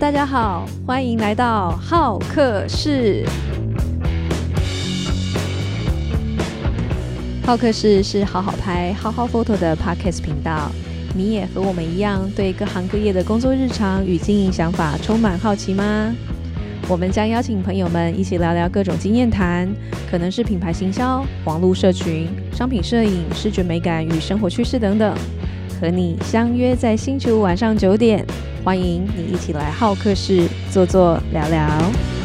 大家好，歡迎來到好客室。好客室是好好拍、好好 photo 的 Podcast 頻道。你也和我們一樣，對各行各業的工作日常與經營想法充滿好奇嗎？我們將邀請朋友們一起聊聊各種經驗談，可能是品牌行銷、網路社群、商品攝影、視覺美感與生活趨勢等等。和你相約在星期五晚上九點，歡迎你一起來好客室坐坐聊聊。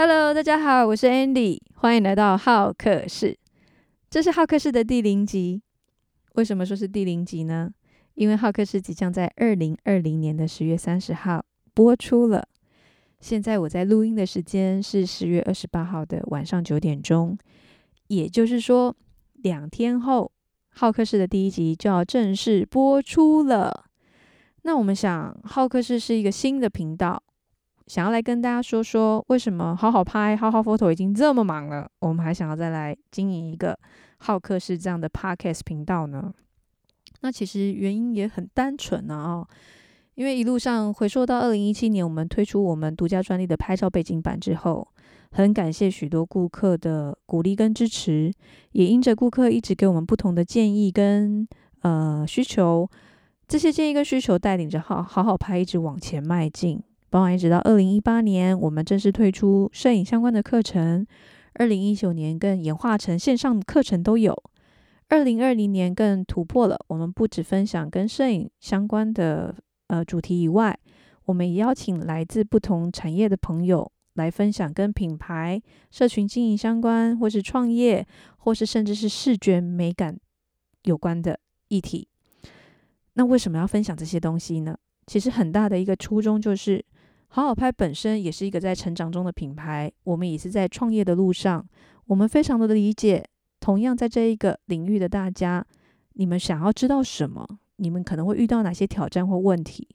Hello，大家好，我是 Andy，歡迎來到好客室。這是好客室的第零集。為什麼說是第零集呢？因為好客室即將在二零二零年的十月三十號播出了。現在我在錄音的時間是十月二十八號的晚上九點鐘，也就是說兩天後，好客室的第一集就要正式播出了。那我們想，好客室是一個新的頻道。想要來跟大家說說，為什麼好好拍、好好 photo 已經這麼忙了，我們還想要再來經營一個好客室這樣的 podcast 頻道呢？那其實原因也很單純啊、哦，因為一路上回溯到二零一七年，我們推出我們獨家專利的拍照背景板之後，很感謝許多顧客的鼓勵跟支持，也因着顧客一直給我們不同的建議跟呃需求，這些建議跟需求帶領着好好好拍一直往前邁進。包含一直到二零一八年，我們正式推出攝影相關的課程；二零一九年更演化成線上的課程都有；二零二零年更突破了，我們不只分享跟攝影相關的呃主題以外，我們也邀請來自不同產業的朋友來分享跟品牌、社群經營相關，或是創業，或是甚至是視覺美感有關的議題。那為什麼要分享這些東西呢？其實很大的一個初衷就是。好好拍本身也是一個在成長中的品牌，我們也是在創業的路上。我們非常的理解，同樣在這一個領域的大家，你們想要知道什麼，你們可能會遇到哪些挑戰或問題，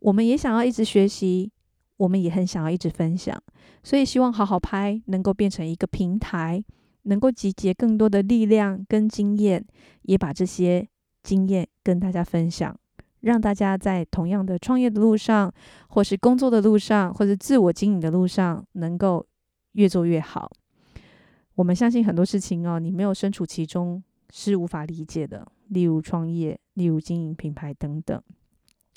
我們也想要一直學習，我們也很想要一直分享。所以希望好好拍能夠變成一個平台，能夠集結更多的力量跟經驗，也把這些經驗跟大家分享。讓大家在同樣的創業的路上，或是工作的路上，或者自我經營的路上，能夠越做越好。我們相信很多事情哦，你沒有身處其中是無法理解的，例如創業，例如經營品牌等等。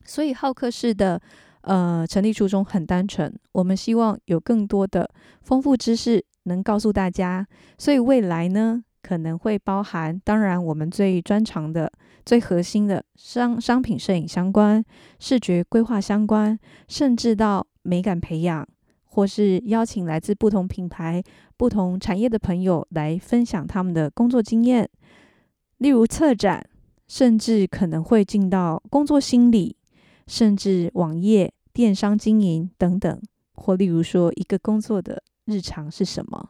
所以好客室的呃成立初衷很單純，我們希望有更多的豐富知識能告訴大家。所以未來呢，可能會包含當然我們最專長的。最核心的商商品攝影相關、視覺規劃相關，甚至到美感培養，或是邀請來自不同品牌、不同產業的朋友來分享他們的工作經驗，例如策展，甚至可能會進到工作心理，甚至網頁電商經營等等，或例如說一個工作的日常是什麼，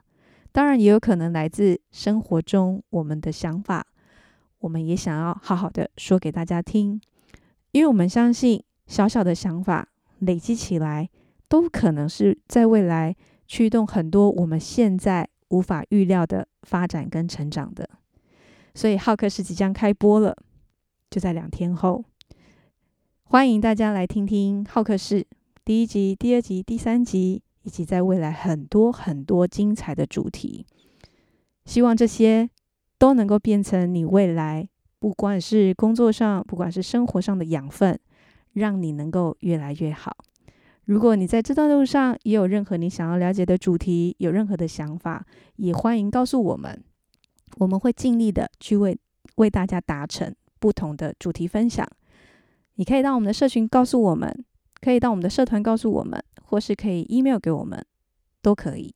當然也有可能來自生活中我們的想法，我們也想要好好的說給大家聽，因為我們相信，小小的想法累積起來，都可能是在未來驅動很多我們現在無法預料的發展跟成長的。所以，《好客室》即將開播了，就在兩天後，歡迎大家來聽聽《好客室》第一集、第二集、第三集，以及在未來很多很多精彩的主題。希望這些。都能夠變成你未來，不管是工作上，不管是生活上的養分，讓你能夠越來越好。如果你在這段路上也有任何你想要了解的主題，有任何的想法，也歡迎告訴我們，我們會盡力的去為為大家達成不同的主題分享。你可以到我們的社群告訴我們，可以到我們的社團告訴我們，或是可以 Email 給我們，都可以。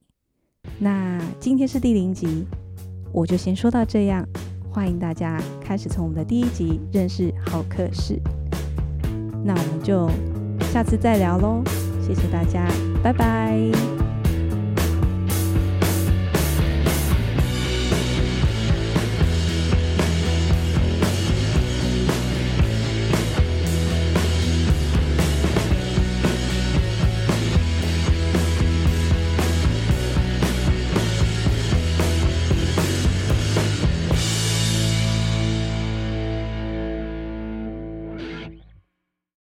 那今天是第零集。我就先說到這樣，歡迎大家開始從我們的第一集認識好客室。那我們就下次再聊嘍，謝謝大家，拜拜。